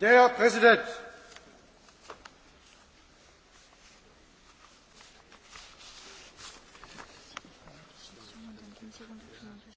Der Herr Präsident!